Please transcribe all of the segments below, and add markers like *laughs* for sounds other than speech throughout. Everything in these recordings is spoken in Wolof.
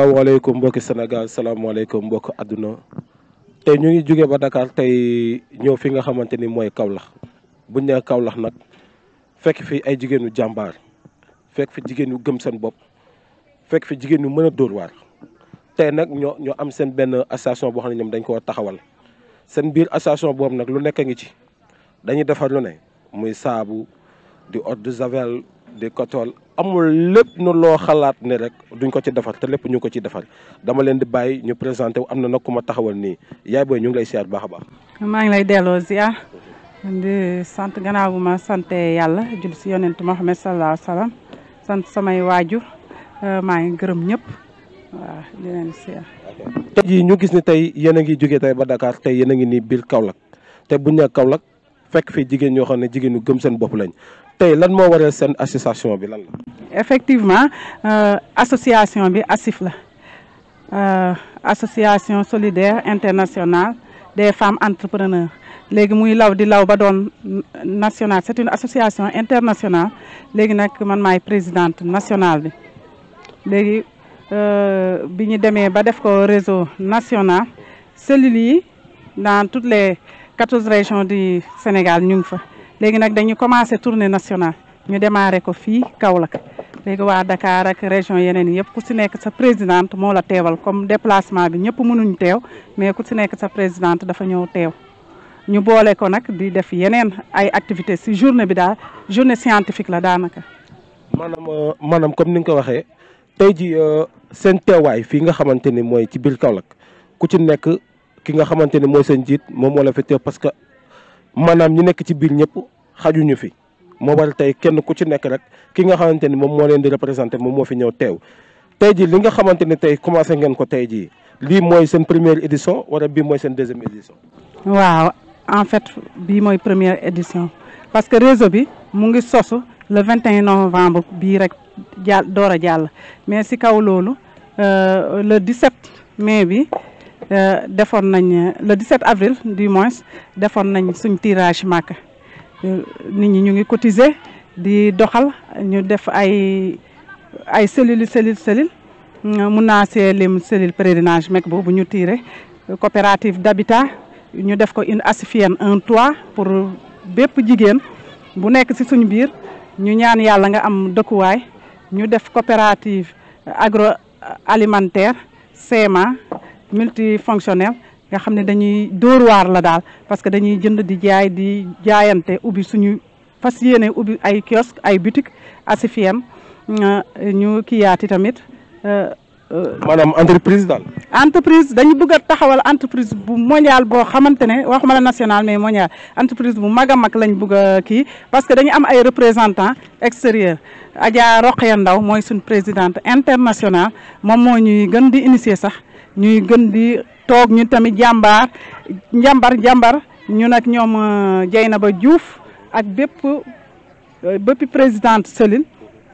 salaamaaleykum mbokki Sénégal salaamaaleykum mbokki àdduna tey ñu ngi jóge ba Dakar tey ñëw fi nga xamante ni mooy Kaolack buñ nee kawlax nag fekk fi ay jigéenu jàmbaar fekk fi jigéen yu gëm seen bopp fekk fi jigéen yu mën a dóor waar tey nag ñoo ñoo am seen benn association boo xam ne ñoom dañ koo taxawal seen biir association boobu nag lu nekk ngi ci dañuy defar lu ne muy saabu di eau de javel di kotol amul lépp nu loo xalaat ne rek duñ ko ci defar te lépp ñu ko ci defar dama leen di bàyyi ñu présenté wu am na na ku ma taxawal nii yaay booy ñu ngi lay siyaar baax a maa ngi lay delloo ziar di sant gannaaw bu ma sante yàlla jull si yonent Muhammad sallallahu alayhi wa sant samay waajur euh, maa ngi gërëm ñëpp waaw di jii ñu gis ne tey yéen a ngi jógee tey ba Dakar tey yéen a ngi nii biir kawlak te buñ ñu kawlak fekk fii jigéen ñoo xam ne jigéen ñu gëm seen bopp lañ tey lan moo waree seen association bi lan la. effectivement euh, association bi assif la euh, association solidaire internationale des femmes entrepreneurs léegi muy law di law ba doon nationale c'est une association internationale léegi nag man maay présidente nationale bi léegi euh, bi ñu demee ba def ko réseau national cellules yi dans toutes les quatorze régions di Sénégal ñu ngi fa. léegi nag dañu commencé tournée nationale ñu démarré ko fii Kaolack léegi waa Dakar ak région yeneen yi yëpp ku si nekk sa présidente moo la teewal comme déplacement bi ñëpp mënuñ teew mais ku si nekk sa présidente dafa ñëw teew ñu boole ko nag di def yeneen ay activités si journée bi daal journée scientifique la daanaka. maanaam euh, maanaam comme ni nga ko waxee tey ji euh, seen teewaay fii nga xamante ni mooy ci biir Kaolack ku ci nekk ki nga xamante ni mooy seen jiit moom moo la teew parce que. maanaam ñi nekk ci biir ñëpp xajuñu fi moo waral tey kenn ku ci nekk rek ki nga xamante ni moom moo leen di représenté moom moo fi ñëw teew tey jii li nga xamante ni tey commencé ngeen ko tey jii lii mooy seen première édition wala bii mooy seen deuxième édition. waaw en fait bii mooy première édition parce que réseau bi mu ngi sosu le 21 novembre bii rek jàll door a jàll mais si kaw loolu euh, le 17 mais bi. Euh, defoon nañ euh, le 17 avril du moins defoon nañ suñ tirage Màkka euh, nit ñi ñu ngi cotiser di doxal ñu def ay ay cellules cellules cellules mun naa see lim cellule pèlerinage mekk boobu ñu tiré coopérative d'habitat ñu def ko une assifienne un toit pour bépp jigéen bu nekk ci suñu biir ñu ñaan yàlla nga am dëkkuwaay ñu def coopérative alimentaire CMA multifonctionnel nga xam ne dañuy dóor waar la daal parce que dañuy jënd di jaay di jaayante ubbi suñu fas yéene ubbi ay kiosque ay boutique asifiem euh, ñu kii yaati tamit. Euh, euh, maanaam entreprise daal. entreprise dañu bëgg a taxawal entreprise bu mondial boo xamante ne waxuma la national mais mondial entreprise bu mag a mag lañ bëgg a kii parce que dañu am ay représentant extérieur Adja Roqaya Ndaw mooy suñ présidente internationale moom moo ñuy gën di initier sax. ñuy gën di toog ñu tamit jàmbaar njàmbar njàmbar ñu nag ñoom euh, ba Diouf ak bépp euh, béppi présidente Céline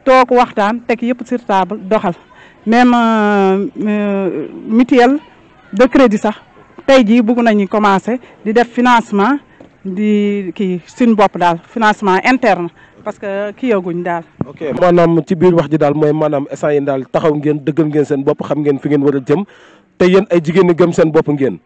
toog waxtaan teg yëpp sur table doxal même euh, mutuelle de crédit sax tey jii na ñu commencer di def financement di kii suñu bopp daal financement interne parce que kii yaguñ daal. ok maanaam ci biir wax ji daal mooy maanaam instant yi daal taxaw ngeen dëggal ngeen seen bopp xam ngeen fi ngeen war a jëm. te yéen ay jigéen ñi gëm seen bopp ngeen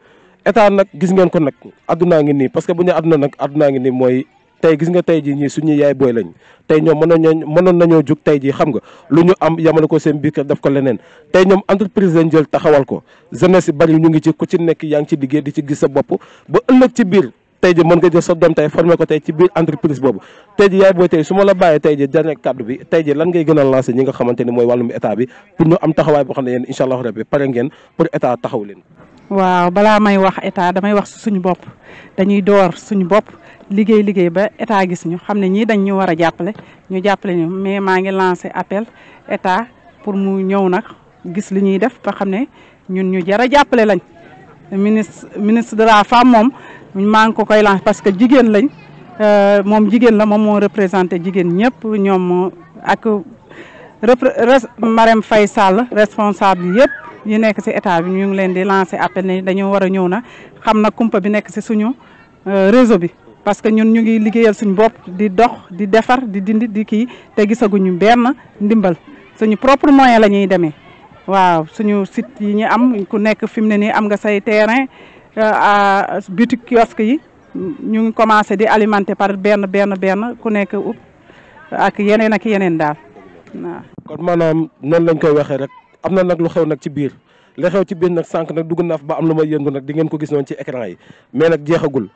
état nag gis ngeen ko nag addunaa ngi nii parce que bu ñu àdduna nag àdduna ngi nii mooy tey gis nga tey jii ñii suñuy yaay booy lañ tey ñoom mënoon nañoo mënoon nañoo jug tey jii xam nga lu ñu am yamale ko seen biir kër def ko leneen tey ñoom entreprise lañ jël taxawal ko jeunesse yi bari ñu ngi ci ku ci nekk yaa ngi ci liggéey di ci gis sa bopp ba ëllëg ci biir tey ji mën nga jël sa doom tey formé ko tey ci biir entreprise boobu tey ji yaay booy tey su la bàyyee tey ji dernier kàddu bi tey ji lan ngay gën a lancé ñi nga xamante mooy wàllum état bi pour ñu am taxawaay boo xam ne yéen incha allahu rabbi pare ngeen pour état taxaw leen waaw balaa may wax état damay wax suñu bopp dañuy suñu bopp liggéey liggéey ba état gis ñu xam ne ñii dañ ñu war a jàppale ñu jàppale ñu mais maa ngi lancé appel état pour mu ñëw nag gis li ñuy def ba xam ne ñun ñu jar a jàppale lañ ministre ministre de la moom maa ngi ko koy lancé parce que jigéen lañ euh, moom jigéen la moom moo représenté jigéen ñëpp ñoom ak Marème fay Sall responsable yëpp ñu nekk ci état bi ñu ngi leen di lancé appel ne dañoo war a ñëw na xam na kumpa bi nekk ci suñu euh, réseau bi. parce que ñun ñu ngi liggéeyal suñu bopp di dox di defar di dindi di kii te gisaguñu benn ndimbal suñu propre moyen la ñuy demee waaw suñu site yi ñu am ku nekk fi mu ne nii am nga say terrain. boutique kiosque yi ñu ngi commencé di alimenter par benn benn benn ku nekk up ak yeneen ak yeneen daal waaw. kon maanaam noonu lañ koy waxee rek am na nag lu xew nag ci biir li xew ci biir nag sànq nag dugg naaf ba am lu may yëngu nag di ngeen ko gis noonu ci écran yi mais nag jeexagul.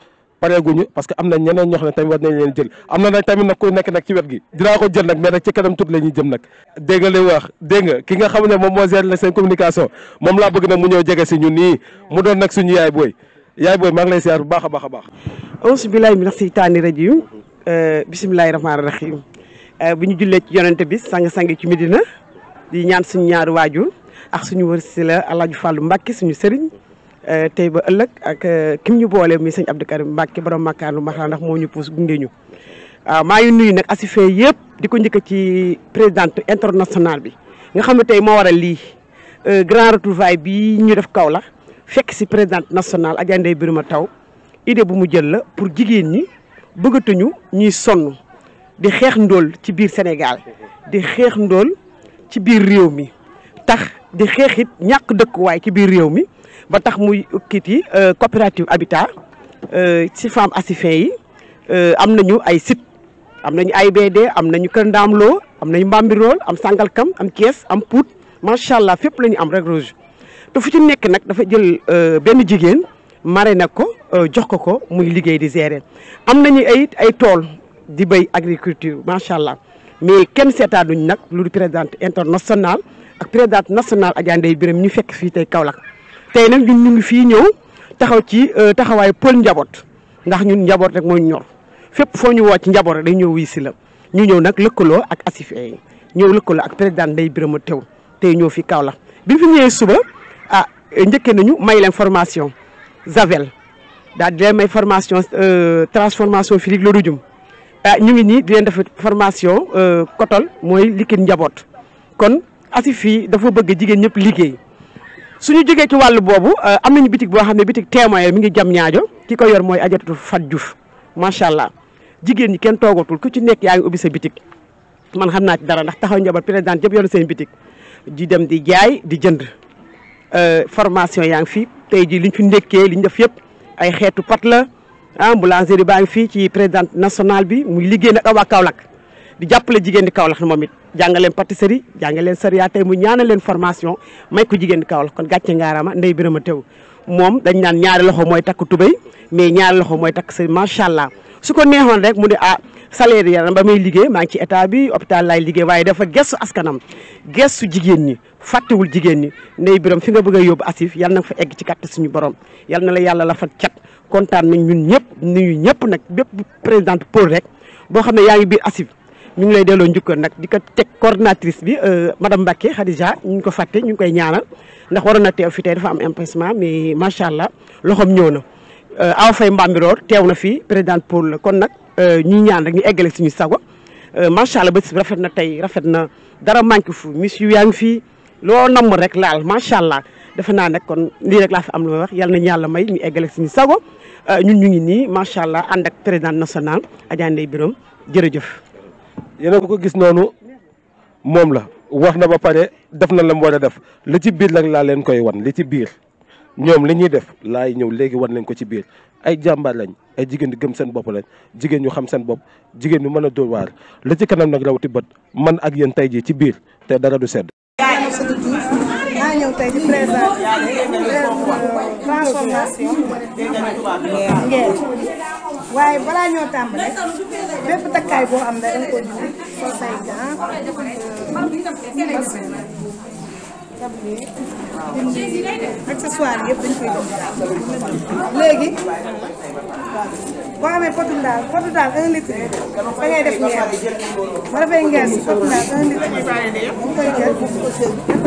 pareeguñu parce que am na ñeneen ñoo xam ne tamit war nañ leen jël na tamit nag nekk nag ci wet gi dinaa ko jël nag mais nag ci kanam tuuti la jëm nag dégg nga wax dégg ki nga xam ne moom moo gère nag seen communication moom laa bëgg nag mu ñëw jege si ñun nii mu doon nag suñu yaay booy yaay booy maa ngi lay siyaar bu a a baax auzu billaahi mina seytaani rajiim euh, bismillaahi rahmaani rahiim euh, bu ñu jullee ci yonente bi sang-sang ci Medina di ñaan suñu ñaari waajur ak suñu wërsila Alaaji Fàllu Mbàkke suñu sëriñ Euh, tey ba ëllëg ak euh, kim ñu boole mi sëñ Abdou Karim Mbacke borom makkaanu maxaa ndax moo ñu puus gunge waaw maa ngi nuyu nag asifee yëpp di ko njëkk ci présidente internationale bi nga xam ne tey moo waral lii euh, grand retrouvaille bi ñu def kaw la fekk si présidente nationale Adja Ndeye Birima Taw idée bu mu jël la pour jigéen ñi bëggatuñu ñuy sonn di xeex ndool ci biir Sénégal di xeex ndool ci biir réew mi tax di xeexit ñàkk dëkkuwaay ci biir réew mi ba tax muy kiit yi euh, coopérative habitat euh, ci femmes asifin yi euh, am nañu ay site am nañu ay AIBD am nañu Kër Ndaamloo am nañu Mbambirool am Sangalkam am Thiès am Pout macha allah fépp la ñu am Lac Rose te fu ci nekk nag dafa jël benn jigéen mare nag ko jox ko ko muy liggéey di gérer am nañu ay ay tool di béy agriculture macha allah mais kenn seetaanuñ nag lu présidente internationale ak présidente nationale Adja Ndeye Birame ñu fekk fii tey Kaolack tey nag ñu ngi fii ñëw taxaw ci euh, taxawaay pël njaboot ndax ñun njaboot rek mooy ñor fépp foo ñu woo ci njaboot rek day ñëw wii si la ñu ñëw nag lëkkaloo ak ASIFE yi ñëw lëkkaloo ak président Ndeye Birame Tew tey ñëw fi Kaolack bi fi ñëwee suba ah njëkkee nañu may leen formation Javel daal di leen may formation euh, transformation physique la dujum ah ñu ngi nii di leen def formation kotol euh, mooy liquide njaboot kon ASIFE yi dafa bëgg jigéen ñëpp liggéey. suñu jegee ci wàllu boobu euh, am nañu bitig boo xam ne bitig témoin mi ngi jam ñaajo ki ko yor mooy ajatatu Fat Diouf macha allah jigéen ñi kenn toogatul ku ci nekk yaa ngi ubbi sa bitig man xam naa ci dara ndax taxaw njabar président yëpp yoonu seen bitik di dem di jaay di jënd euh, formation yaa ngi fi tey jii liñ fi ndekkee liñ def yëpp ay xeetu pat la ah boulangerie baa ngi fii ci présidente national bi muy liggéey nag ak waa Kaolack di jàppale jigéen di Kaolack moom it jàngaleen pâtisserie jàngaleen sariya tey mu ñaanal leen formation may ko jigéen di Kaolack kon gàcce ngaaraama ndey birama tew moom dañ naan ñaari loxo mooy takk tubéy mais ñaari loxo mooy takk sëriñ macha allah su ko neexoon rek mu ne ah salaire yi ba may liggéey maa ngi ci état bi hôpital laay liggéey waaye dafa gestu askanam gestu jigéen ñi fàttewul jigéen ñi ndey biram fi nga bëgg a yóbbu asif yal na fa egg ci kàtt suñu borom yal na la yàlla la fa cat kontaan nañ ñun ñëpp nuyu ñëpp nag bépp présidente pour rek boo xam ne yaa ngi biir asif ñu ngi lay delloo njukkal nag di ko teg coordinatrice bi euh, madame Mbacke Khadija ñu ngi ko fàtte ñu ngi koy ñaana ndax waroon a teew fi tey dafa am empêchement mais macha allah loxoom ñëw na. Euh, Awa Faye Mbambiroor teew na fi présidente Paul la kon nag euh, ñuy ñaan rek ñu eggale suñu sago macha rafet na tey rafet na dara manqué fu monsieur yaa ngi fi loo namm rek laal macha allah. defe naa nag kon lii rek laa fi am lu may wax yal nañu yàlla may ñu eggale suñu sago ñun ñu ngi nii macha allah ànd ak présidente national Adja Ndeye Birame jërëjëf. yeneen ko gis noonu moom la wax na ba pare def na la mu war a def li ci biir nag laa leen koy wan li ci biir ñoom li ñuy def laay ñëw léegi wan leen ko ci biir ay jàmbaar lañ ay jigéen di gëm seen bopp lañ jigéen ñu xam seen bopp jigéen ñu mën a dóor waar li ci kanam nag rawati bët man ak yéen tey jii ci biir te dara du sedd. waaye balaa ñoo tàmbale bépp takkaay boo am rek da nga ko jur soo say gant tablier dindi accessoire yëpp dañ koy def léegi boo amee potu daal potu daal un litre da ngay def ñeent ba dafay ngees potu daal un litre da koy jël def ko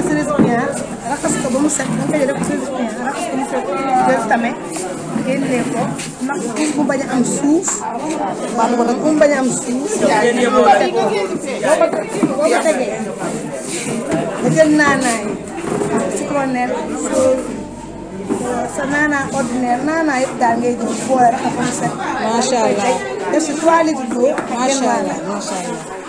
sa récipient raxas ko ba mu set da nga koy def ko sa récipient raxas ko mu set jël tame génnee ko ndax bu bañ a am suuf maam ko nag bu bañ a am suuf boo ko tegee boo ko tegee nga jël naanaay ci colonel sa naanaa ordinaire naanaa yëpp daal ngay jël boole rek ak set macha allah def si trois litres d'eau macha allah macha allah.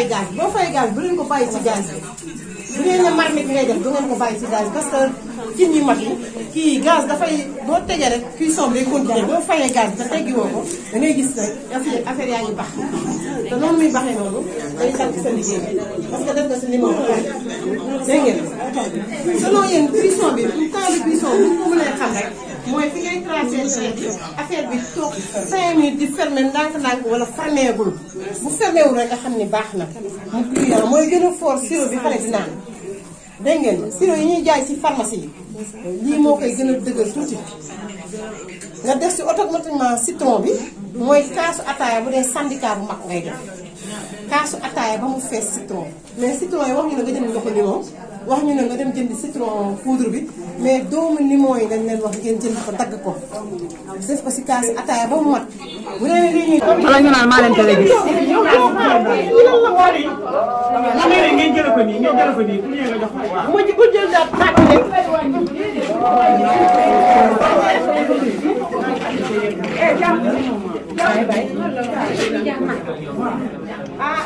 fay gaz boo fay gaz bu ko bàyyi ci gaz bi bu ngeen ne marmite ngay def du ngeen ko bàyyi ci gaz parce que cin yu mag yi kii gaz dafay boo tegee rek cuisson day continuer da ngay gis rek affaire yaa ngi bax te loolu muy baxee noonu day sa liggéey parce que def nga sa numéro dégg ngeen selon yéen bi temps de cuisson bu ko mënee xam rek mooy fi ngay tracé affaire bi toog cinq minutes di fermer ndànk-ndànk wala fermeegul bu fermeewul rek nga xam ni baax na mu kii mooy gën a fort sirop bi xale di naan dégg ngeen sirop yi ñuy jaay si pharmacie yi lii moo koy gën a dëgër tuuti nga def si oto automatiquement citron bi mooy kaasu ataaya bu dee syndicat bu mag ngay def kaasu ataaya ba mu fees citron mais citron yi wax ñu ne nga jënd ndoxu limon wax ñu ne nga dem jëndi citron poudre bi mais doomu limon yi dañ leen wax ngeen jënd ko dagg ko def ko si kaas ataaya ba mu mat bu dee lii ñuy. wala ñu naan maa leen teel a gis. ngeen jël ko nii ngeen jël ko nii bu ñëwee nga jox ko waaw. mu bu jël daal tàkk leen. Eh, ah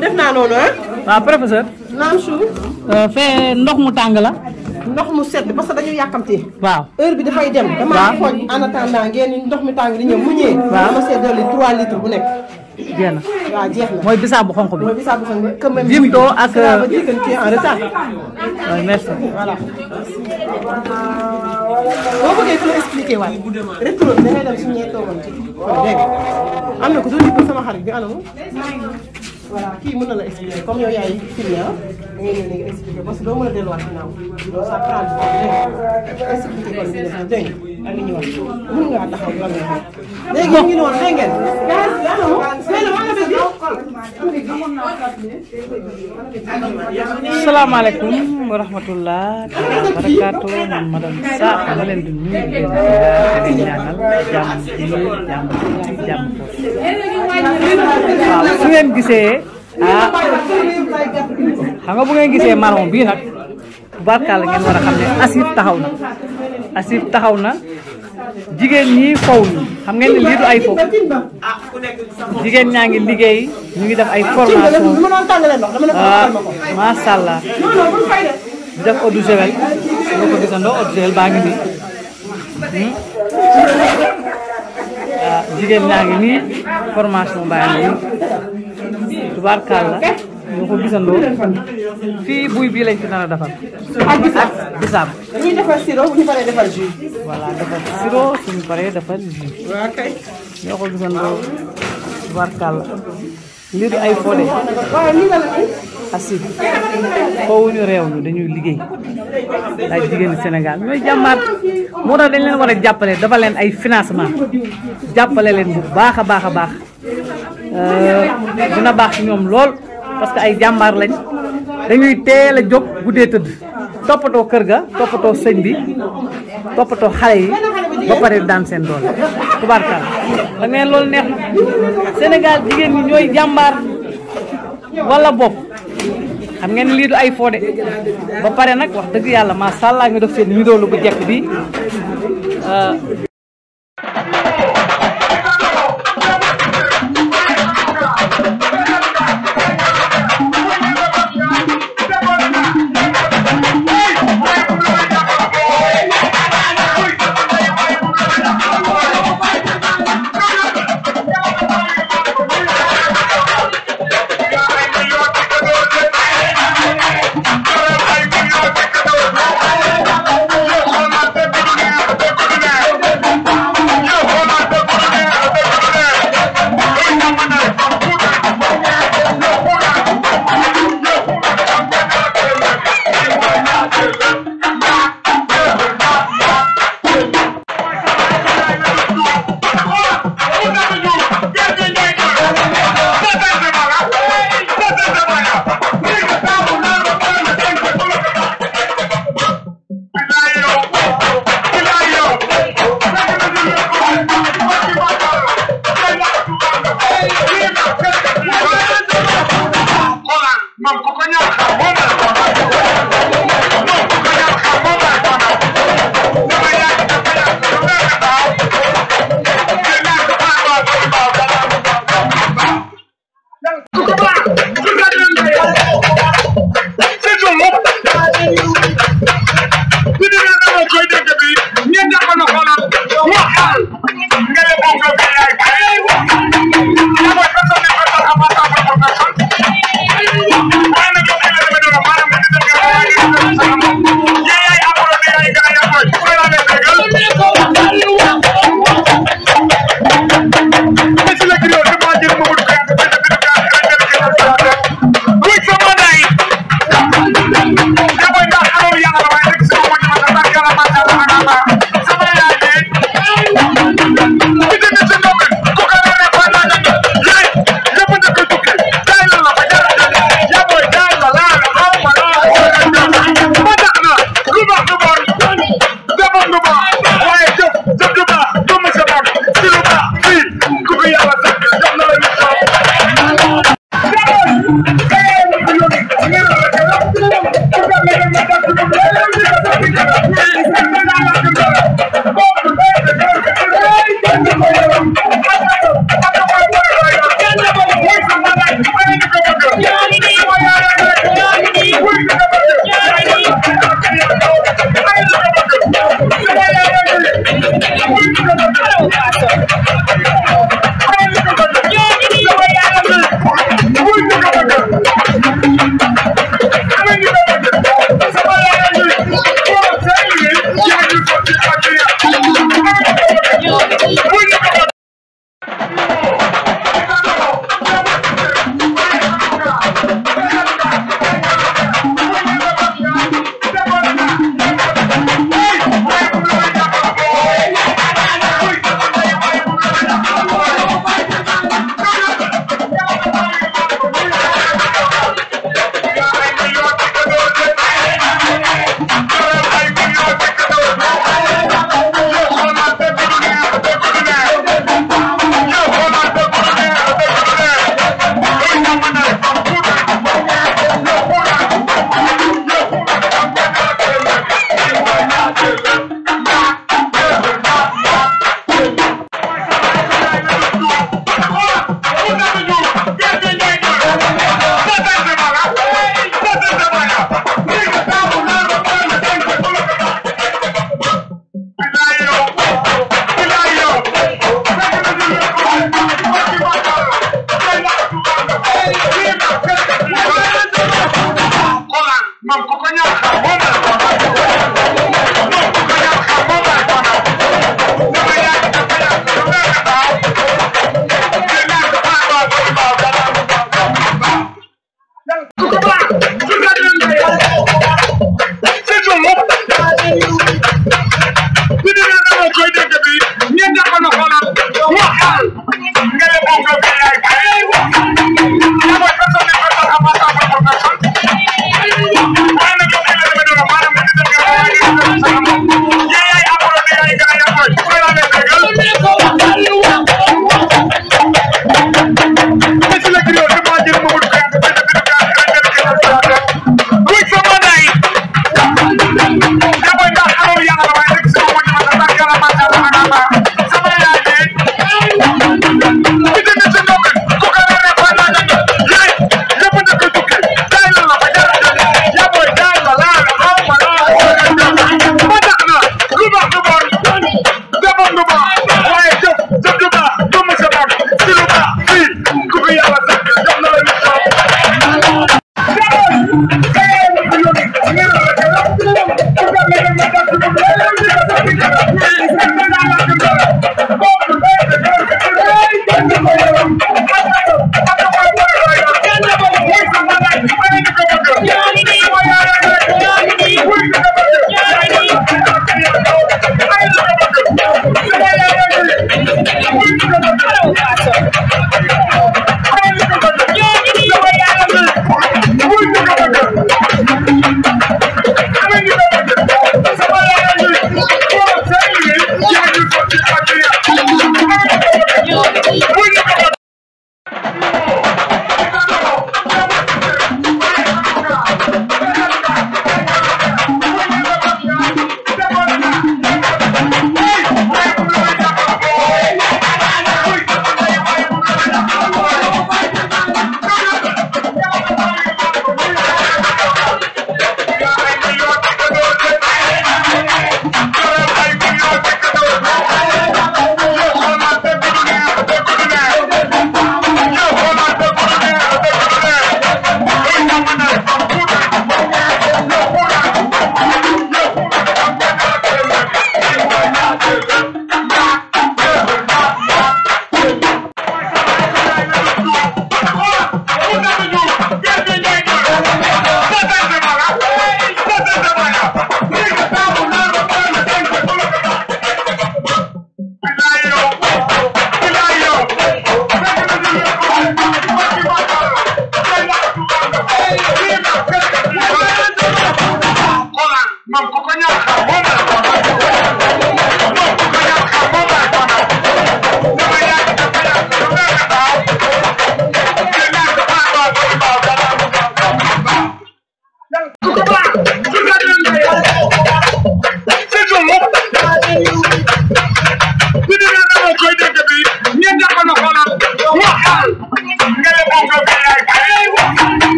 def naa noonu ah. waaw professeur. naam su. Euh, fee ndox mu tàng la. ndox mu sedd parce que dañu yàkkamti. waaw heure bi dafay dem. waaw damaa fooñ en attendant ngeen ndox mi tàng di ñëw mu ñëwee. waaw dama seddali 3 litres bu nekk. jeex na waaw jeex na mooy bisaab bu xonq bi. mooy bisaab bu xonq bi quand même. vimto ak. en retard. waaw merci. voilà. boo bëggee ku la expliqué waat. rétro da ngay dem suñu ñee toogoon ci. dégg am na ko soo jublu sama xarit bi allo. voilà kii mën na la expliqué comme yow yaay client da ngay ñëw léegi expliqué parce que doo mën a delluwaat ginnaaw. doo saa prendre dégg nga expliqué kon dégg nga. ak ñoom mun ngaa taxaw lan la xew. léegi ñu ngi noonu dégg ngeen. salaamaaleykum wa rahmatullah wa barakaatu man madame Sakho ma leen di nuyu di leen ñaanal jàmm ji jàmm ji jàmm waaw su ngeen gisee ah xam nga bu ngeen gisee marron bii nag tubaarkaal la ngeen war a xam ne Asif taxaw na Asif taxaw na. jigéen ñi faw ñu xam ngeen ne ay fo jigéen ñaa ngi liggéey ñu ngi def ay formation ah, macha allah def eau de javel boo ko gisandoo eau de javel baa ngi nii hmm? ah, jigéen ñaa ngi nii formation baa ngi nii tubaarkàlla ñoo ko gisandoo fii buy bii lañ fi nar a defar. ak bisaab ak bisaab. dañuy defar paree defar lii du ay fodé. waaw lii fowuñu réew ñu dañuy liggéey ay jigéenu Sénégal ñooy jàmbaar moo tax dañ leen war a jàppale dafa leen ay financement jàppale leen bu baax a baax a baax euh, dina baax ci ñoom lool. parce que ay jàmbaar lañ dañuy teel a jóg guddee tëdd toppatoo kër ga toppatoo sëñ bi toppatoo xale yi ba pare daan seen doole tubaarkal da ngeen lool neex na Sénégal jigéen ñi ñooy jàmbaar wala bopp xam ngeen lii du ay foode ba pare nag wax dëgg yàlla maa sàllaa nga def seen ñu doolu bu jekk bi euh,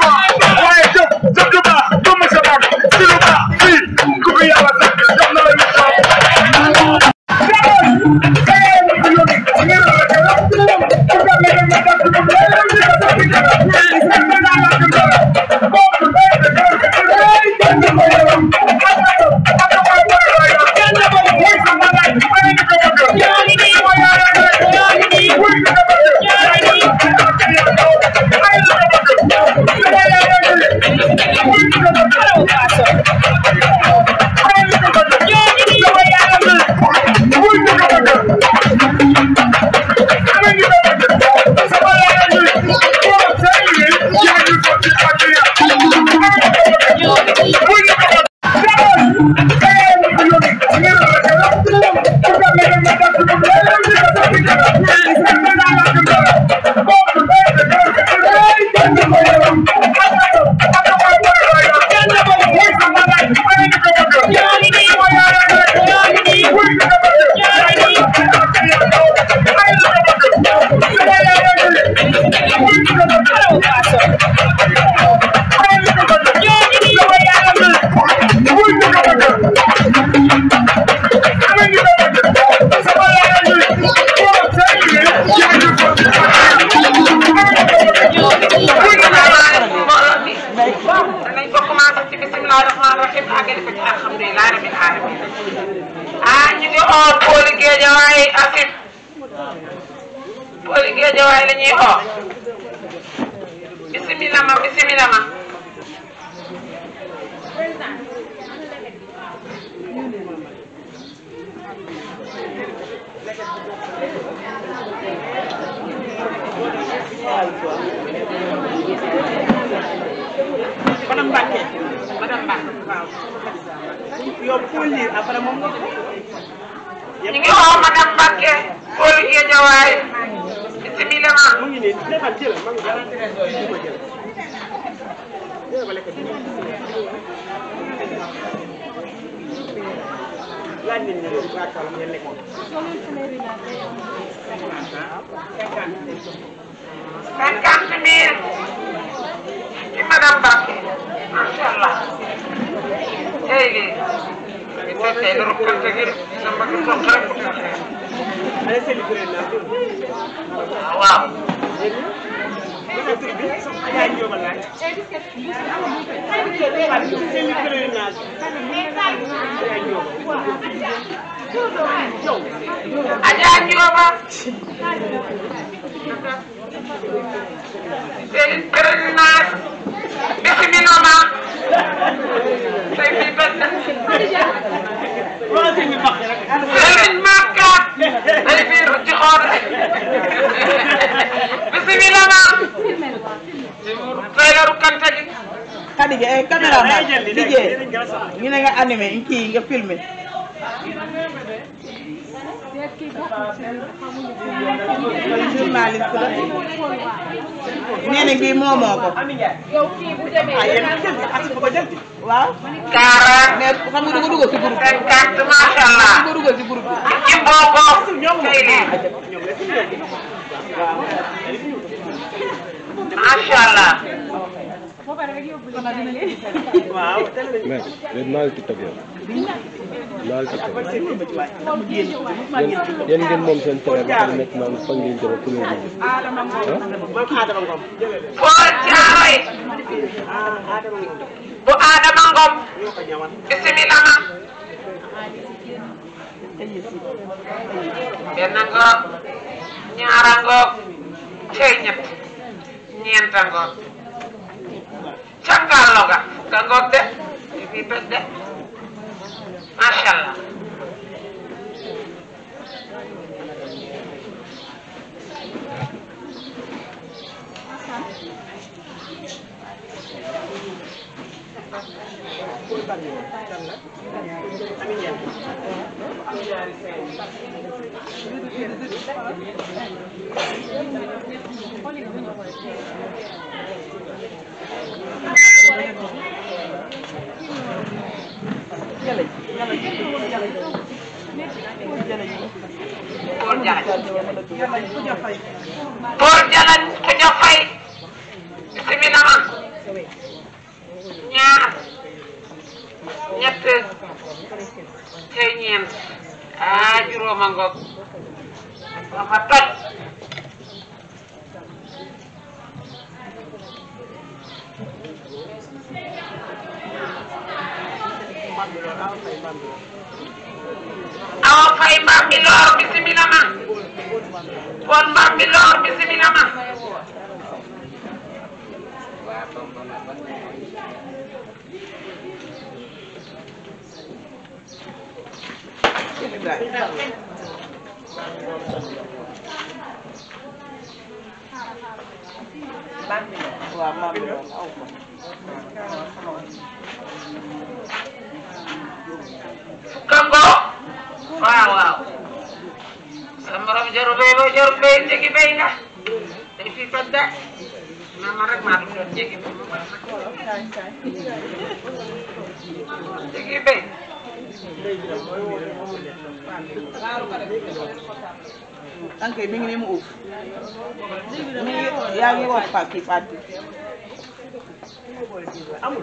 Touba Adama madame Mbacke madame Mbacke waaw yow pour lire après moom nga ko ñu ngi woo madame Mbacke Paul Guédiawaye bismillah mu ngi nii defal jël waa Kaolack ngeen nekkoon. cinquante mille ci madame Mbacké macha allah. léegi. waaw. Thank you. Adja Ndioba présidence bisimilah Serigne Makka day biir ci xool bisimilah Seydou Kante gi. Khadija eh, caméra ma ñu ne nga animé kii nga filmé. journaliste la nee na bii moomoo ko. ah yéen a jël as bu ko jël ci. waaw. da nga dugal da nga dugal ci groupe bi. allah. waaw merci naa TikTok yow. naa TikTok yéen yéen ngeen moom seen télé ba xam nekk naan fan ngeen jëlee commune bi. bu Adama ah, Ngom. bisimilah. E benn ngoog. ñaara ngoog. tey ñett. ñeenta ngoog. caggal ga ga goɓɓe fi ɓedde machallah Paul Diagne Paul Diagne Koudia Faye simina ma ñaar ñett tey ñeent ah juróoma ngoog dafa toj awa fay Mbambilor bisimila ma kon Mbambilor bisimila ma Bambilor waaw Bambilor aw ma kango waaw waaw sa morom jaru bay boo na ma rek maa doon mi ngi mu uuf yaa ngi wax pàcc pàcc amul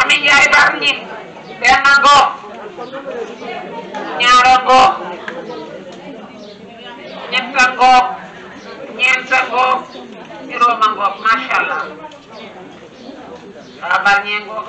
Amin Ndiaye Bar ñi benn ngo ñaara ngo ñetta ngo ñeenta ngo juróoma allah waa Bar ñee ngoog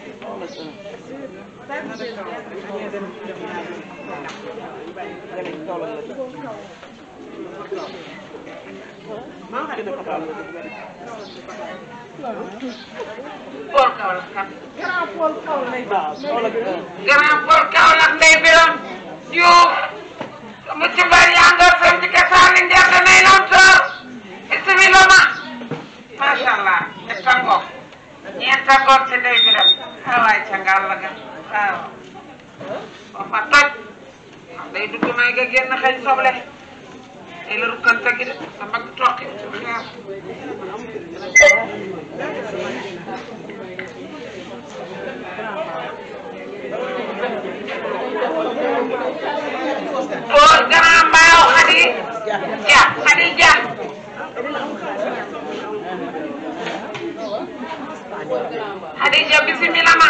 olmasın. Yemekte olamadı. Mahallede kapanmadı. Pol Kaolack kat. Grand Pol Kaolack. Grand Pol Kaolack Ndeye Birame Diouf. mu ci mbay yaa nga fëm di ko saali ndeex nay noon soo. Bismillah. Macha Allah. Ñett a ngoog. Ñett a ngoog ci Ndeye Birame. waaw ca ngàll ga waaw ba fa toj ndax day dugg may ga génn xëy soble day la rukkante gi de sa mbagg toqi xeer ja xadi ja Xadija bisimila ma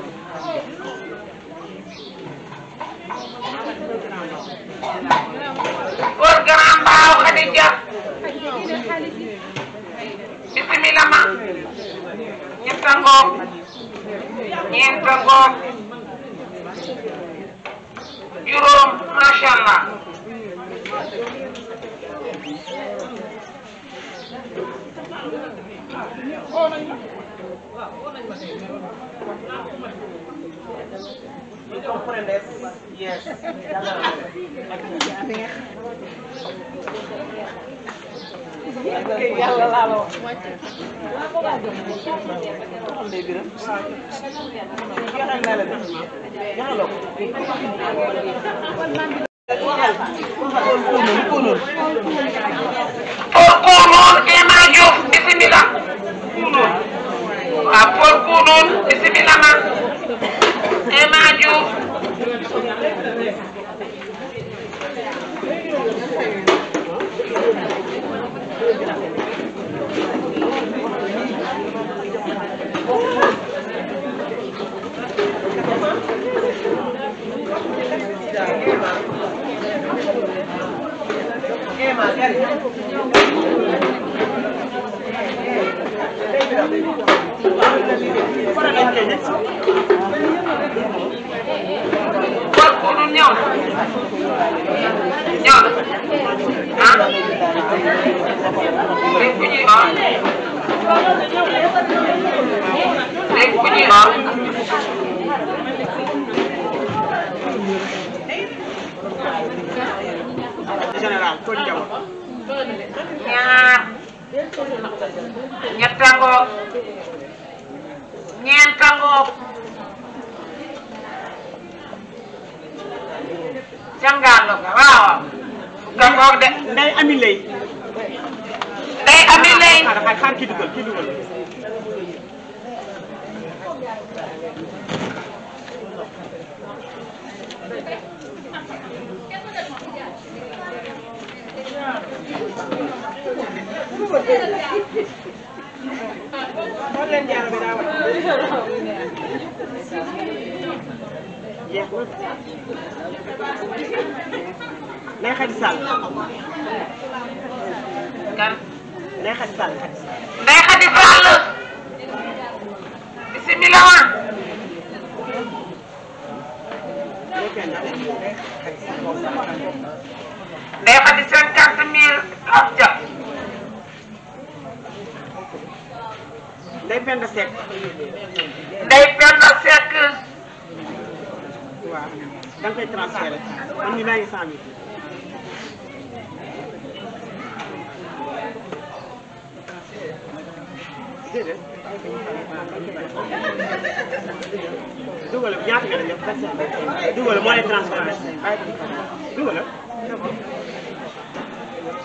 programme mbaaw Khadija bisimila ma ñetta ngoog ñeenta ngoog juróom macha allah you comprend it? Yes. Okay, yàlla laa la wax. Pour kunun, Ismaïla Diop, Emma Diouf Emma, Kooku du ñëw na ñëw na ah léegi ku ñuy oo léegi ku ñuy oo général ko ñaar ñetta ngoog ñeenta ngoog cangaalo ga waaw ga ngoog de nday ami lay nday ami lay Ndeye Khady Sall. kan. Ndeye Khady Sall. Ndeye Khady Sall. bisimilah. day xa di cinquante mille ak jàpp. day benn sekk. day benn sekk. waaw da nga koy transféré man mii maa ngi cent mille. déedéet. dugal ñaata nga def dugal moo lay transféré dugal.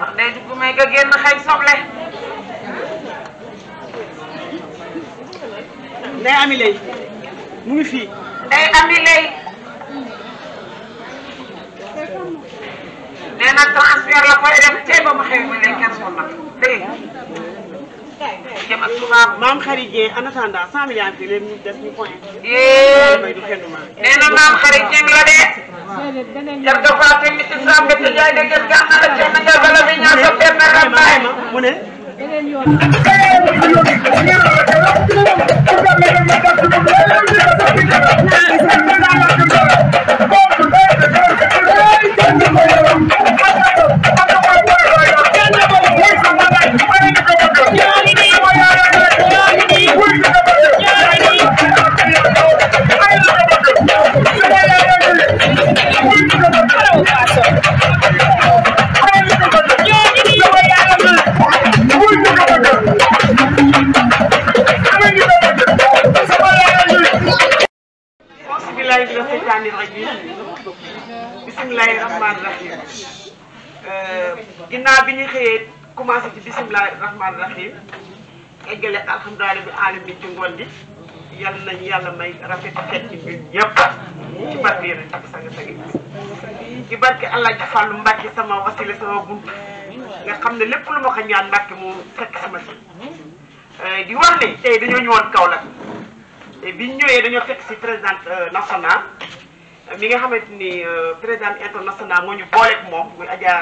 ndax day dugg may nga génn xay soble. Ndeye Amy Leye mu ngi fii. Ndeye Amy la koy def tey ba ma lay kenn sonn nag dégg jëm ak tubaab maam xarit Dieng en attendant cent millions yi léegi ñu des ñu point. yéen nee la de. Cerno Faati ni islam nga ci jaay de gis nga am na ci na nga bala bi ñaar ko benn rambaay mu ne beneen yoon xëyee commencé ci bisimilah rahmaani rahim eggale alhamdulilah rabbil alamin ci ngoon gi yal nañu yàlla may rafet xeet ci barke a takk sanga sagi ci barke allah ci fàllu sama wasile sama bunt nga xam ne lépp lu ma ko ñaan mbàkke moom fekk sama si euh, di war ne tey dañoo ñëwoon Kaolack biñ ñëwee dañoo fekk si présidente euh, nationale mi nga xamante ni euh, présidente internationale moo ñu booleeg moom muy Adja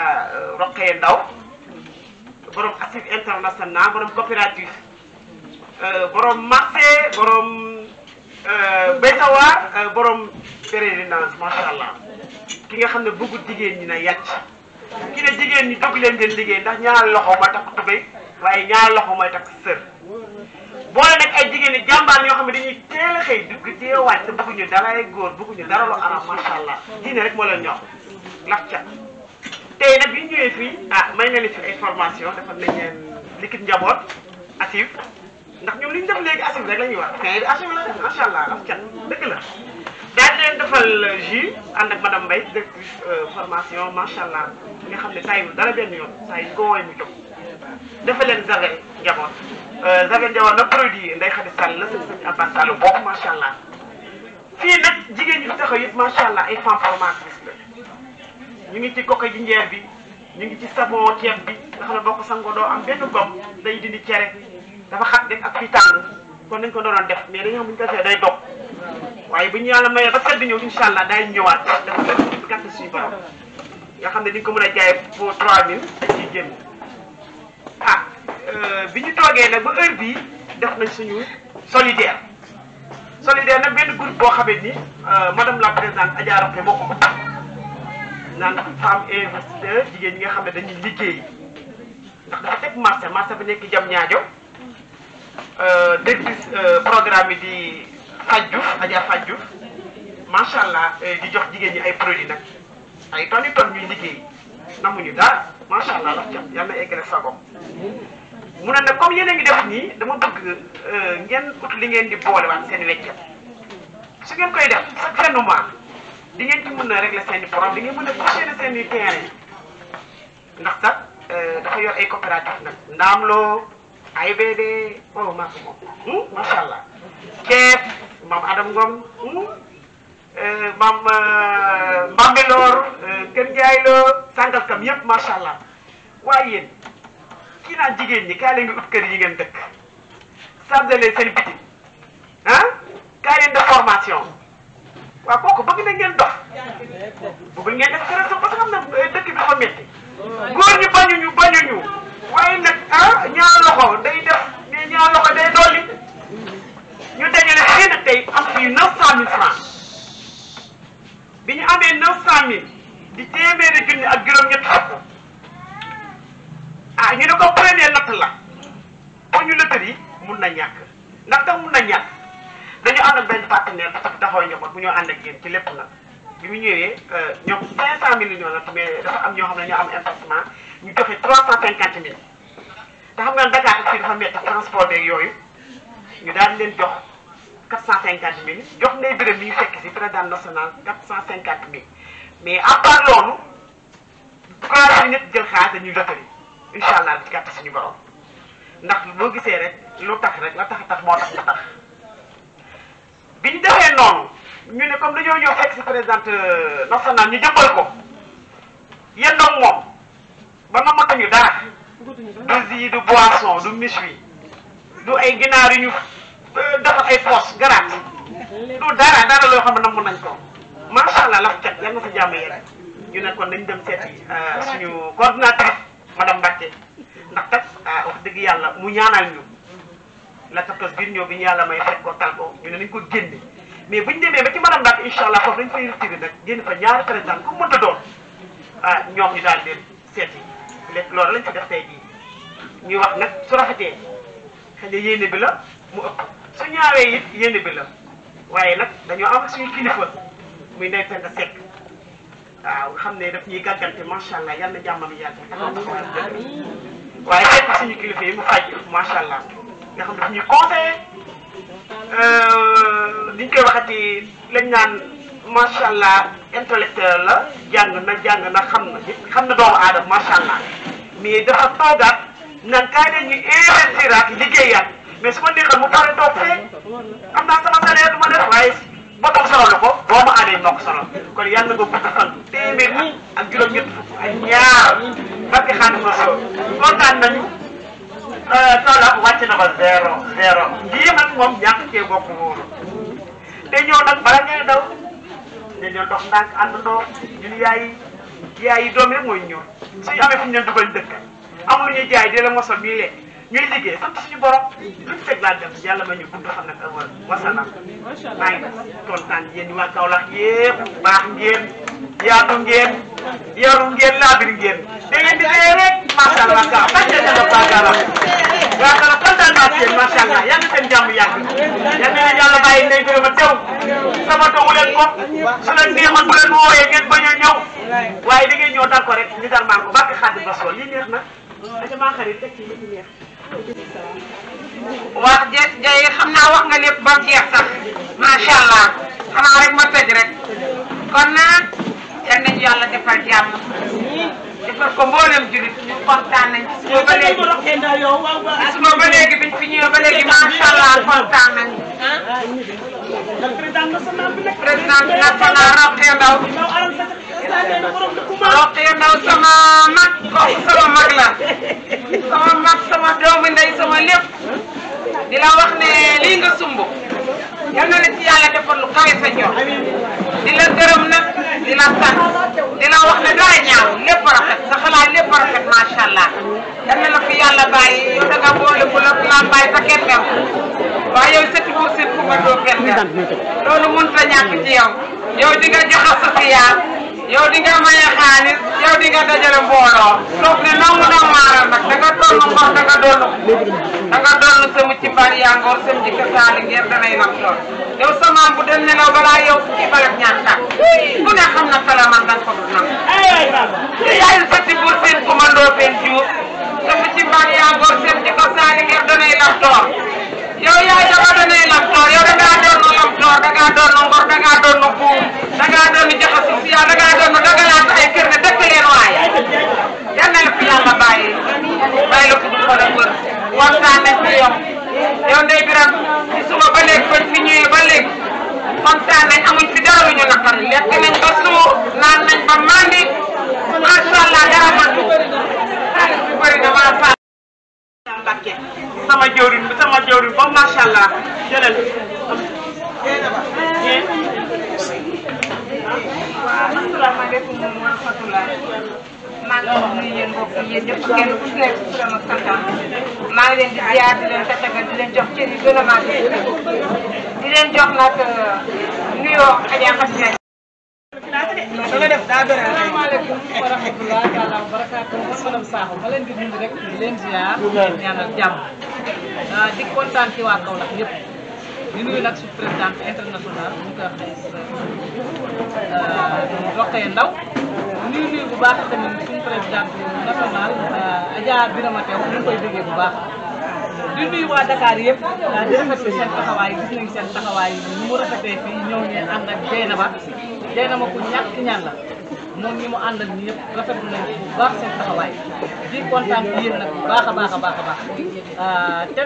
Rokhaya Ndaw borom assif international borom coopérative euh, borom marché borom euh, bétawaar euh, borom pèlerinage macha allah ki nga xam ne bëggu jigéen ñi na yàcc ki ne jigéen ñi dugg leen leen liggéey ndax ñaar loxo ma takk tubéy waaye ñaar loxo may takk sër boole nag ay jigéen ñi jàmbaar yoo xam ne dañuy teel xëy dugg teel a wàcc te bëgguñu dara góor bëgguñu dara lu aram macha allah diine rek moo leen ñor lakk tey nag bi ñu ñëwee fii ah may nga ni ci ay dafa nañ leen liquide njaboot asif ndax ñoom li ñu def léegi asif rek la ñuy wax kay asif la macha allah af cat dëgg la daal leen defal jus ànd ak madame Mbaye directrice euh, formation macha allah nga xam ne tayul dara benn yoon saa yu ko woowee mu jóg dafa leen javel njaboot javel euh, njaboot nag produit nday xadi sàll la sëñ sëñ Abbas Sall boobu fii nag jigéen ñi fi taxaw yëpp macha allah ay femmes ñu ngi ci koko ji njeer bi ñu ngi ci saboo ceeb bi nga xam ne boo ko sangoo doo am benn gom day dindi cere dafa xam def ak fii tàng kon nañ ko doonoon def mais dañoo bu ñu day dog waaye bu ñu yàlla mayee ba sedd ñëw incha allah daay ñëwaat dafa def gàtt suñu borom nga xam ne di ko mën a jaayee pour 3000 dañ ah, euh, bi ñu toogee nag ba heure bii def nañ suñu solidaire solidaire nag benn groupe boo xamee ni euh, madame la présidente Adja Roque moo ko naan femme investeur jigéen ñi nga xam ne dañuy liggéey ndax dafa teg marché marché bi nekk jam ñaajo euh, directrice euh, programme bi di Fatou Diouf Adja Fatou allah euh, di jox jigéen ñi ay produits nag ay tonni ton ñuy liggéey namuñu daal macha allah la jam yàlla na eggale sago mu ne comme yéen ngi def nii dama bëgg ngeen ut li ngeen di boolewaat seen weccet su ngeen koy def chaque fin du di ngeen ci mën a régler seen i problème di ngeen mën a pousser seen ndax sax euh, dafa yor ay coopérative nag ndaamloo AIBD oh maa ko moom hmm? macha allah Keef maam Adam Ngom hmm? euh, maam euh, Mbambe Loor Kër Ndiaye Loor sàngal kam yëpp macha allah waaye yéen kii naa jigéen ñi kaa leen di kër yi ngeen dëkk sàrde leen seen bitim ah kaa de formation. waaw kooku bëgg na ngeen dox bëggul ngeen def correction parce que xam na eh, dëkk bi dafa métti góor ñu bañuñu bañuñu waaye nag ah ñaar loxo day def ne ñaar loxo day dolli ñu dajale xëy na tey am fii neuf cent mille bi ñu amee neuf cent mille di téeméeri junni ak juróom-ñett fukk ah ñu ne ko premier natt la poñu loterie mun na ñàkk ndax tax mun na ñàkk dañu ànd ak benn partenaire bu taxaw njaboot bu ñoo ànd ak yéen ci lépp nag bi mu ñëwee euh, ñoom 500 mille ñoo nag mais dafa am ñoo xam ne ñoo am investissement ñu joxe 350 mille te xam nga Dakar fii dafa métti transport beeg yooyu ñu daal di leen jox 450 mille jox ndey béréb bi ñu fekk si président national cinquante mille mais à part loolu trois jours ñett jël ñu dañuy lotari incha allah di gàtt suñu borom ndax boo gisee rek lu tax rek la tax a tax moo tax nga tax. bi ñu noonu ñu ne comme dañoo ñëw fekk si présidente euh, nationale ñu jëmbal ko yendoog moom ba nga matuñu dara du jus du boisson du méchoui du ay ginaar yu ñu euh, defar ay poos garaat du dara dara loo xam ne namm nañ ko macha allah la cat yal na fa jàmm yéen ñu ne kon nañ dem seeti euh, suñu coordinatrice madame Mbacke ndax kat wax dëgg yàlla mu ñaanal ñu. la 14 biir ñëw bi ñu yàlla may fekk ko ne nañ ko génne mais bu ñu demee ba ci madame Dac incha allah foofu dañ fay retiré nag génn fa ñaari président ku mënta doon ah ñoom ñu daal leen seeti lépp loolu lañ fi def tey jii ñuy wax nag su rafetee xëy yéene bi la mu ëpp su ñaawee it yéene bi la waaye nag dañoo am suñu kilifa muy Ndeye Penda Seck waaw xam ne daf ñuy gàggante macha allah yal na jàmmam yàgg. amiin waaye fekk suñu kilifa yi mu faj macha allah. nga xam daf ñuy conseillé liñ euh, koy waxati lañ naan macha allah intellectuel la jàng na jàng na xam na xam na doomu aadama macha allah mais dafa toogaat naan kaay la ñuy investiraat liggéeyaat mais su ma neexal mu pare toog fee am naa sama salaire du ma def waaye boppam solal la ko doomu aadama moo ko solal kon yàlla nga gudd fan téeméer ak juróom-ñett ak ñaar barke Xaadimu Rasuul kontaan nañu. Kaolack eh, wàcc na ba zéro zéro lii nag moom ñàkk cee bokk wóolu te ñëw nag bala ngay daw dañoo dox ndànk àndandoo ñun yaay yaay yi doom rek mooy ñor suñu amee fu ñu leen dugal dëkk am lu ñuy jaay di la mosal ñuy lekk ñuy liggéey sant suñu borom luñ fekk laa dem yàlla ma ñu gudd xam ne ak wala wasalaam maa ngi kontaan yéen waa Kaolack yépp baax ngeen yaatu ngeen. yaru ngeen laabir ngeen da ngeen di téye rek macha allah kaa bàcceel na la baakaara baakaara kontaan naa ci yéen macha allah yal na seen jàmm yàgg yal na yàlla bàyyi ndey gërëm a teew sama togu leen ko su leen neexoon bu leen wooyee ngeen bañ a ñëw waaye da ngeen ñëw dal ko rek ni dar maan ko bàkk xaadi ba sool li neex na daca maa xarit teg ci li neex wax je jay xam naa wax nga lépp ba mu jeex sax macha allah xanaa rek ma tëj rek kon nag yal nañu yàlla defal jàmm defal ko mboolem jullit ñu kontaan nañ ci suba ba léegi ci suba ba léegi biñ fi ñëwee ba léegi macha allah kontaan nañ président national Rokhaya Ndaw Rokhaya Ndaw sama mag kooku sama mag la sama mag sama doomu ndey sama lépp di la wax ne lii nga sumb yal na ci yàlla defal lu kawe sa jox di la gërëm nag di la la wax ñaaw lépp rafet sa xalaat lépp rafet macha allah yal na la yàlla bàyyi yow boole bu la plan bàyyi sa kenn waaye yow sëti bu sëti bu doo kenn dem loolu mënut a ñàkk ci yow yow di nga joxe sa fiyaar yow di nga maye xaalis yow di nga dajale mbooloo toog ne nangu na maaral nag da nga doon mboq da nga doon da nga doon sëmu ci mbar yangoor sëm ci kasaali ngeen danay nag lool yow sama bu dem ne la balaa yow fukki fan ak ñaar tàkk ku ne xam na fala man dañ ko du nangu yaayu sati pour seen ku mandoo fen juur sëmu ci mbar yangoor sëm ci kasaali ngeen danay nag lool yow yaay da nga danay nag lool yow da ngaa doon nag lool da ngaa doon mën a wër waxtaane fi yom yow Ndeye Birame ci suba ba léegi bañ fi ñëwee ba léegi kontaan nañ amuñ fi dara lu ñu naqari lekk nañ ba suur naan nañ ba bi bëri na waa Fass maa leen di nuyu di leen tàggat di leen a màgg di leen jox nag euh, nuyoo Adja Fatou Seye. salaamaaleykum wa ma leen di nuyu rek di leen ziar di ñaanal jàmm di kontaan ci waa Kaolack yëpp di nuyu nag suñu présidente internationale bu ñu koy waxee Ndaw nuyu nuyu bu baax tamit suñu présidente nationale euh, Adja Birama Tew ñu ngi koy déggee bu baax di nuyu waa Dakar yëpp euh, di rafetlu seen taxawaay gis nañ seen taxawaay mu rafetee fii ñëw ñu ànd ak Dieynaba Dieynaba ku ñàkk ñaan la moom ñi mu àndal ñi yëpp a baax a a baax euh, te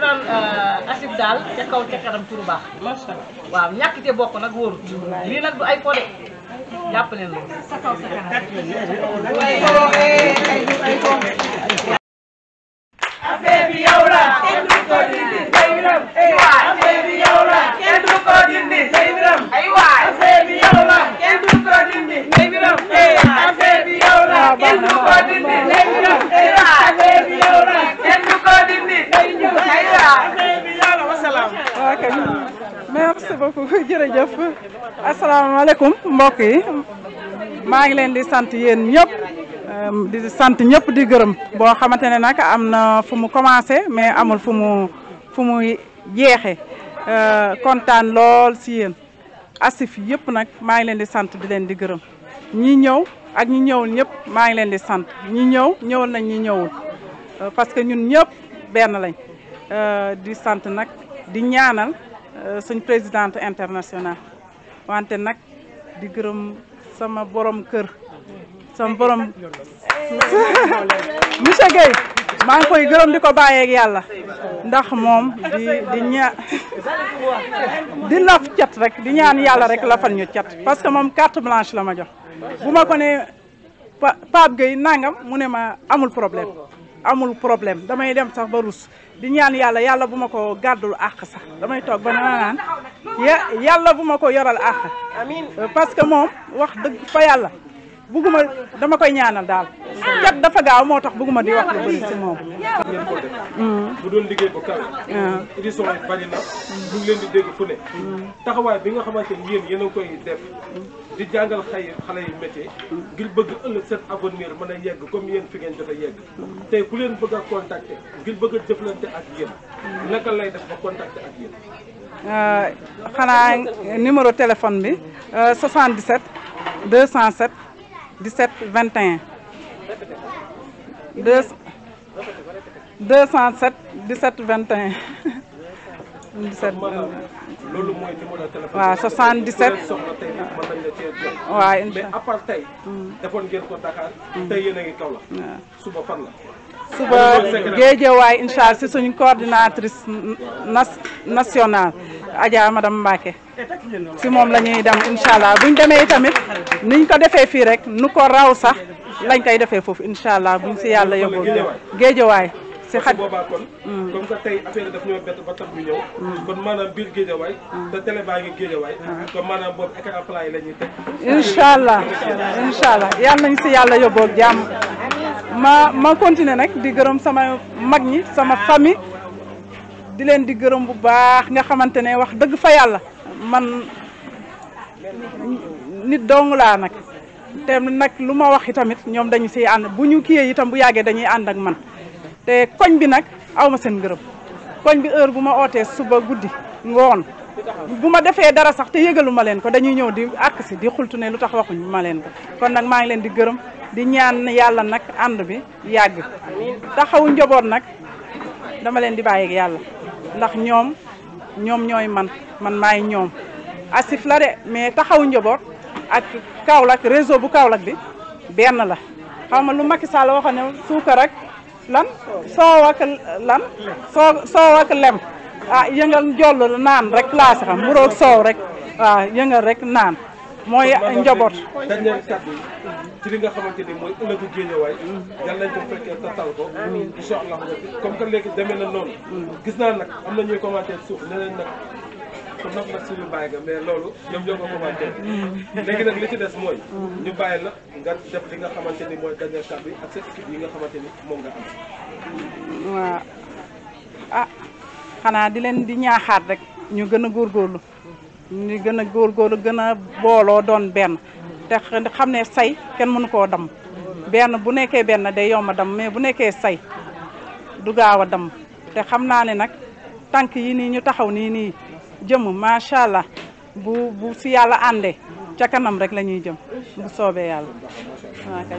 daal ca kaw ca kanam turu baax waaw ñàkk cee bokk nag wóorut lii nag du ay jàpp leen loolu sa kaw sa kanam affaire bi yow la kenn du ko dindi say mbiram affaire bi yow la kenn du ko dindi say mbiram affaire bi yow la kenn du ko dindi say mbiram affaire bi yow la kenn du ko dindi say mbiram affaire bi yow la kenn du ko dindi say mbiram affaire bi yow la wasalaam merci beaucoup *laughs* jërëjëf asalaamaaleykum mbokk yi maa ngi leen di sant yéen ñëpp ehm, di ñëpp di gërëm boo xamante ne nag am na fu mu commencé mais amul fu mu fu mu jeexe ehm, kontaan lool si yéen asif yëpp nag maa ngi leen di sant di leen di gërëm ñi ñëw ak ñi ñëwul ñëpp maa ngi leen di sant ñi ñëw ñëwul na ñi ñëwul ehm, parce que ñun ñëpp benn lañ di sant nag di ñaanal Euh, suñ présidente internationale wante nag di gërëm sama borom kër sama borom *laughs* monsieur Guèye maa ngi koy gërëm di ko bàyyeeg yàlla ndax moom di di ña *laughs* di laf cat rek di ñaan yàlla rek lafal ñu cat parce que moom carte blanche la ma jox bu ma ko ne Pape Gueye nangam mu ne ma amul problème amul problème damay dem sax ba rus di ñaan yàlla yàlla bu ma ko gàddul àq sax damay toog ba naan yàlla bu ma ko yoral àq. amiin parce que moom wax dëgg fa yàlla. bugguma dama koy ñaanal daal. jot dafa gaaw moo tax bugguma di wax lu bëri si bu doon liggéey ba kaw. Hmm. édition yi bari na. ñu ngi leen di dégg fu ne. Hmm. taxawaay bi nga xamante ni yéen yéen a koy def. di jàngal xay xale yu métier. ngir bëgg ëllëg seen avenir mën a comme yéen fi ngeen jot a yegg. Hmm. leen bëgg a contacter ngir bëgg a jëflante ak lay def ba contacter ak yéen. Euh, xanaa numéro téléphone bi euh, 77 17 21 deux 207 17 21 17 loolu mooy numéro téléphone waaw 77 soxla tey mën nañ mm. la cee jot waaw mais la suba géejewaay incha allah si suñu coordinatrice na nationale Adja madame Mbacke si moom la ñuy dem incha allah buñ demee tamit niñ ko defee fii rek nu ko raw sax lañ koy defee foofu incha allah buñ si yàlla yóbbu géejewaay si xat boobaa kon hmm. tey affaire daf ñoo bett hmm. kon maanaam biir géejawaay hmm. te baa ngi géejawaay kon maanaam boobu écran plat yi la ñuy teg allah incha allah yal nañ si yàlla yóbboo jàmm ma ma continuer nag di gërëm sama mag ñi sama famille di leen di gërëm bu baax nga xamante ne wax dëgg fa yàlla man nit dong laa nag te nag lu ma wax itamit ñoom dañu siy ànd bu ñu kiyee itam bu yàggee dañuy ànd ak man te koñ bi nag aw ma seen ngërëm koñ bi heure bu ma ootee suba guddi ngoon bu ma defee dara sax te yëgalu ma leen ko dañuy ñëw di àkk si di xultu ne lu tax waxuñ ma leen ko kon nag maa ngi leen di gërëm di ñaan yàlla nag ànd bi yàgg taxawu njaboot nag dama leen di bàyyi ak yàlla ndax ñoom ñoom ñooy man man maay ñoom asif la de mais taxawu njaboot ak Kaolack réseau bu Kaolack bi benn la xaw ma lu Macky Sall waxoon ne lan soow ak lan soo soow ak lem a ah, yëngal njoll naan rek laa si xam mburoog soow rek waaw ah, yëngal rek naan mooy njaboot. dañ leen kàddu li nga xamante ni mooy ëllëgu Guédiawaye yal nañ ko fekkee tatal ko incha allah comme que na noonu mm. gis naa nag am na ñuy suuf ne leen loolu ñoom li ci des mooy ñu bàyyi la nga def li nga ah xanaa di leen di ñaaxaat rek ñu gën a góorgóorlu ñu gën a góorgóorlu gën a booloo doon benn te xam ne say kenn mënu koo dam benn bu nekkee benn day yomb a dam mais bu nekkee say du gaaw a dam te xam naa nag tànk yi nii ñu taxaw nii nii jëm macha allah bu bu si yàlla àndee ca rek la ñuy jëm bu soobee yàlla waaw kay